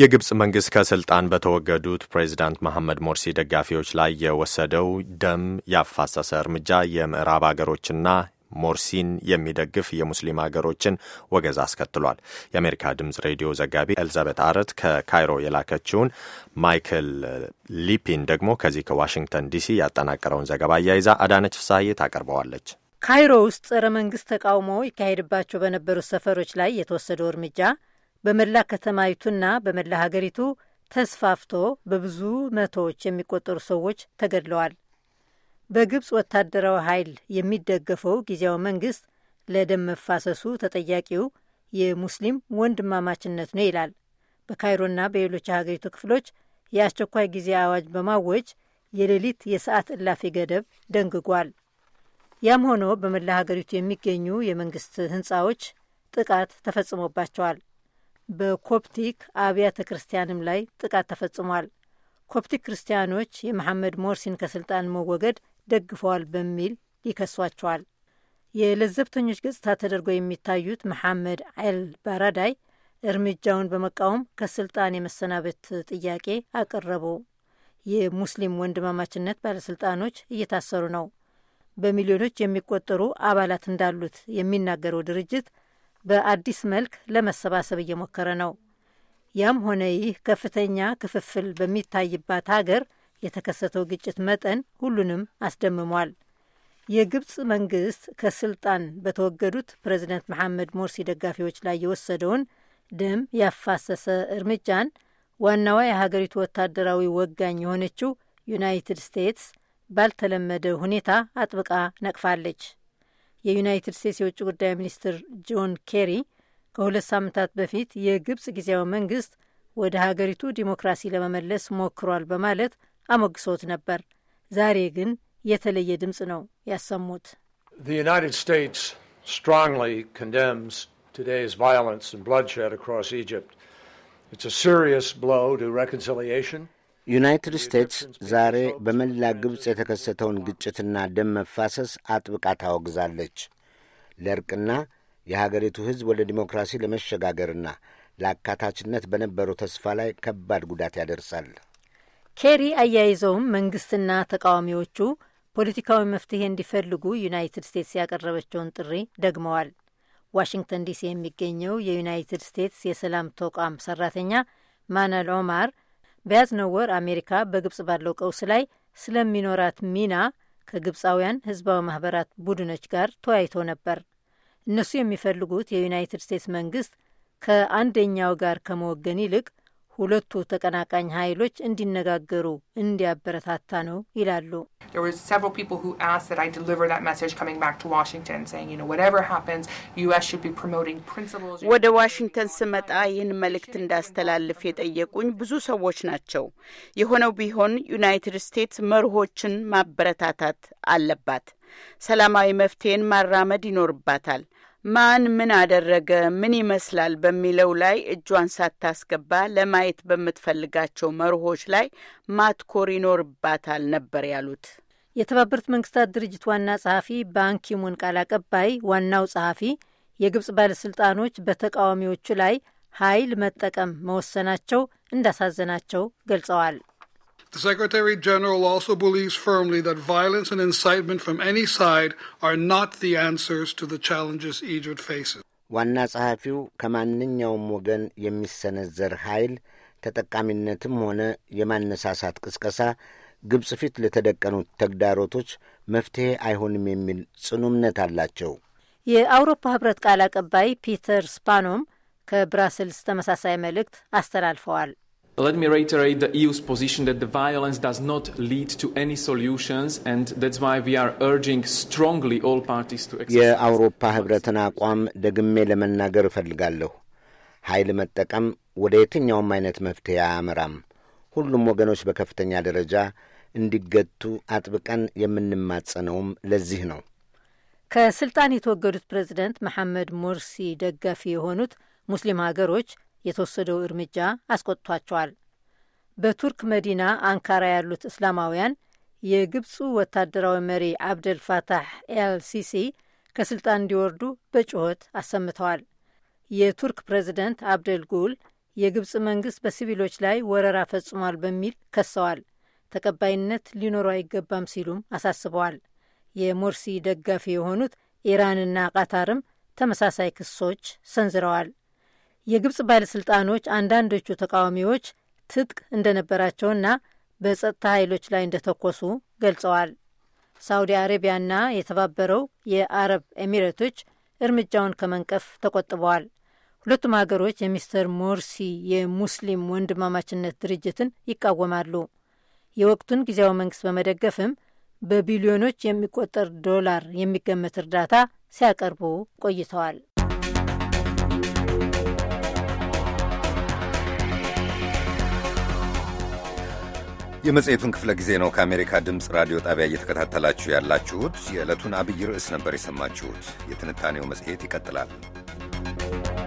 የግብፅ መንግስት ከስልጣን በተወገዱት ፕሬዚዳንት መሐመድ ሞርሲ ደጋፊዎች ላይ የወሰደው ደም ያፋሰሰ እርምጃ የምዕራብ አገሮችና ሞርሲን የሚደግፍ የሙስሊም አገሮችን ወገዝ አስከትሏል። የአሜሪካ ድምፅ ሬዲዮ ዘጋቢ ኤልዛቤት አረት ከካይሮ የላከችውን ማይክል ሊፒን ደግሞ ከዚህ ከዋሽንግተን ዲሲ ያጠናቀረውን ዘገባ አያይዛ አዳነች ፍሳዬ ታቀርበዋለች። ካይሮ ውስጥ ጸረ መንግስት ተቃውሞ ይካሄድባቸው በነበሩት ሰፈሮች ላይ የተወሰደው እርምጃ በመላ ከተማይቱና በመላ ሀገሪቱ ተስፋፍቶ በብዙ መቶዎች የሚቆጠሩ ሰዎች ተገድለዋል። በግብፅ ወታደራዊ ኃይል የሚደገፈው ጊዜያዊ መንግስት ለደም መፋሰሱ ተጠያቂው የሙስሊም ወንድማማችነት ነው ይላል። በካይሮና በሌሎች የሀገሪቱ ክፍሎች የአስቸኳይ ጊዜ አዋጅ በማወጅ የሌሊት የሰዓት እላፊ ገደብ ደንግጓል። ያም ሆኖ በመላ ሀገሪቱ የሚገኙ የመንግስት ህንፃዎች ጥቃት ተፈጽሞባቸዋል። በኮፕቲክ አብያተ ክርስቲያንም ላይ ጥቃት ተፈጽሟል። ኮፕቲክ ክርስቲያኖች የመሐመድ ሞርሲን ከስልጣን መወገድ ደግፈዋል በሚል ይከሷቸዋል። የለዘብተኞች ገጽታ ተደርጎ የሚታዩት መሐመድ አል ባራዳይ እርምጃውን በመቃወም ከስልጣን የመሰናበት ጥያቄ አቀረቡ። የሙስሊም ወንድማማችነት ባለስልጣኖች እየታሰሩ ነው። በሚሊዮኖች የሚቆጠሩ አባላት እንዳሉት የሚናገረው ድርጅት በአዲስ መልክ ለመሰባሰብ እየሞከረ ነው። ያም ሆነ ይህ ከፍተኛ ክፍፍል በሚታይባት ሀገር የተከሰተው ግጭት መጠን ሁሉንም አስደምሟል። የግብፅ መንግስት ከስልጣን በተወገዱት ፕሬዚደንት መሐመድ ሞርሲ ደጋፊዎች ላይ የወሰደውን ደም ያፋሰሰ እርምጃን ዋናዋ የሀገሪቱ ወታደራዊ ወጋኝ የሆነችው ዩናይትድ ስቴትስ ባልተለመደ ሁኔታ አጥብቃ ነቅፋለች። የዩናይትድ ስቴትስ የውጭ ጉዳይ ሚኒስትር ጆን ኬሪ ከሁለት ሳምንታት በፊት የግብጽ ጊዜያዊ መንግስት ወደ ሀገሪቱ ዲሞክራሲ ለመመለስ ሞክሯል በማለት አሞግሶት ነበር። ዛሬ ግን የተለየ ድምፅ ነው ያሰሙት። ዩናይትድ ስቴትስ strongly condemns today's violence and bloodshed across Egypt. It's a serious blow to reconciliation. ዩናይትድ ስቴትስ ዛሬ በመላ ግብፅ የተከሰተውን ግጭትና ደም መፋሰስ አጥብቃ ታወግዛለች። ለእርቅና የሀገሪቱ ሕዝብ ወደ ዲሞክራሲ ለመሸጋገርና ለአካታችነት በነበረው ተስፋ ላይ ከባድ ጉዳት ያደርሳል። ኬሪ አያይዘውም መንግስትና ተቃዋሚዎቹ ፖለቲካዊ መፍትሄ እንዲፈልጉ ዩናይትድ ስቴትስ ያቀረበችውን ጥሪ ደግመዋል። ዋሽንግተን ዲሲ የሚገኘው የዩናይትድ ስቴትስ የሰላም ተቋም ሰራተኛ ማናል ኦማር በያዝነው ወር አሜሪካ በግብጽ ባለው ቀውስ ላይ ስለሚኖራት ሚና ከግብፃውያን ህዝባዊ ማህበራት ቡድኖች ጋር ተወያይቶ ነበር። እነሱ የሚፈልጉት የዩናይትድ ስቴትስ መንግስት ከአንደኛው ጋር ከመወገን ይልቅ ሁለቱ ተቀናቃኝ ኃይሎች እንዲነጋገሩ እንዲያበረታታ ነው ይላሉ። ወደ ዋሽንግተን ስመጣ ይህን መልእክት እንዳስተላልፍ የጠየቁኝ ብዙ ሰዎች ናቸው። የሆነው ቢሆን ዩናይትድ ስቴትስ መርሆችን ማበረታታት አለባት። ሰላማዊ መፍትሄን ማራመድ ይኖርባታል። ማን ምን አደረገ፣ ምን ይመስላል በሚለው ላይ እጇን ሳታስገባ ለማየት በምትፈልጋቸው መርሆች ላይ ማትኮር ይኖርባታል ነበር ያሉት የተባበሩት መንግስታት ድርጅት ዋና ጸሐፊ ባንኪሙን ቃል አቀባይ። ዋናው ጸሐፊ የግብጽ ባለሥልጣኖች በተቃዋሚዎቹ ላይ ኃይል መጠቀም መወሰናቸው እንዳሳዘናቸው ገልጸዋል። The Secretary General also believes firmly that violence and incitement from any side are not the answers to the challenges Egypt faces. ዋና ጸሐፊው ከማንኛውም ወገን የሚሰነዘር ኃይል ተጠቃሚነትም ሆነ የማነሳሳት ቅስቀሳ ግብፅ ፊት ለተደቀኑት ተግዳሮቶች መፍትሄ አይሆንም የሚል ጽኑ እምነት አላቸው። የአውሮፓ ሕብረት ቃል አቀባይ ፒተር ስፓኖም ከብራስልስ ተመሳሳይ መልእክት አስተላልፈዋል። Let me reiterate the EU's position that the violence does not lead to any solutions and that's why we are urging strongly all parties to የአውሮፓ ህብረትን አቋም ደግሜ ለመናገር እፈልጋለሁ። ኃይል መጠቀም ወደ የትኛውም አይነት መፍትሄ አያመራም። ሁሉም ወገኖች በከፍተኛ ደረጃ እንዲገቱ አጥብቀን የምንማጸነውም ለዚህ ነው። ከስልጣን የተወገዱት ፕሬዚደንት መሐመድ ሞርሲ ደጋፊ የሆኑት ሙስሊም ሀገሮች የተወሰደው እርምጃ አስቆጥቷቸዋል። በቱርክ መዲና አንካራ ያሉት እስላማውያን የግብፁ ወታደራዊ መሪ አብደል ፋታህ ኤልሲሲ ከስልጣን እንዲወርዱ በጩኸት አሰምተዋል። የቱርክ ፕሬዚደንት አብደል ጉል የግብፅ መንግስት በሲቪሎች ላይ ወረራ ፈጽሟል በሚል ከሰዋል። ተቀባይነት ሊኖረው አይገባም ሲሉም አሳስበዋል። የሞርሲ ደጋፊ የሆኑት ኢራንና ቃታርም ተመሳሳይ ክሶች ሰንዝረዋል። የግብፅ ባለሥልጣኖች አንዳንዶቹ ተቃዋሚዎች ትጥቅ እንደነበራቸውና በጸጥታ ኃይሎች ላይ እንደተኮሱ ገልጸዋል። ሳውዲ አረቢያና የተባበረው የአረብ ኤሚሬቶች እርምጃውን ከመንቀፍ ተቆጥበዋል። ሁለቱም ሀገሮች የሚስተር ሞርሲ የሙስሊም ወንድማማችነት ድርጅትን ይቃወማሉ። የወቅቱን ጊዜያዊ መንግስት በመደገፍም በቢሊዮኖች የሚቆጠር ዶላር የሚገመት እርዳታ ሲያቀርቡ ቆይተዋል። የመጽሔቱን ክፍለ ጊዜ ነው ከአሜሪካ ድምፅ ራዲዮ ጣቢያ እየተከታተላችሁ ያላችሁት። የዕለቱን አብይ ርዕስ ነበር የሰማችሁት። የትንታኔው መጽሔት ይቀጥላል።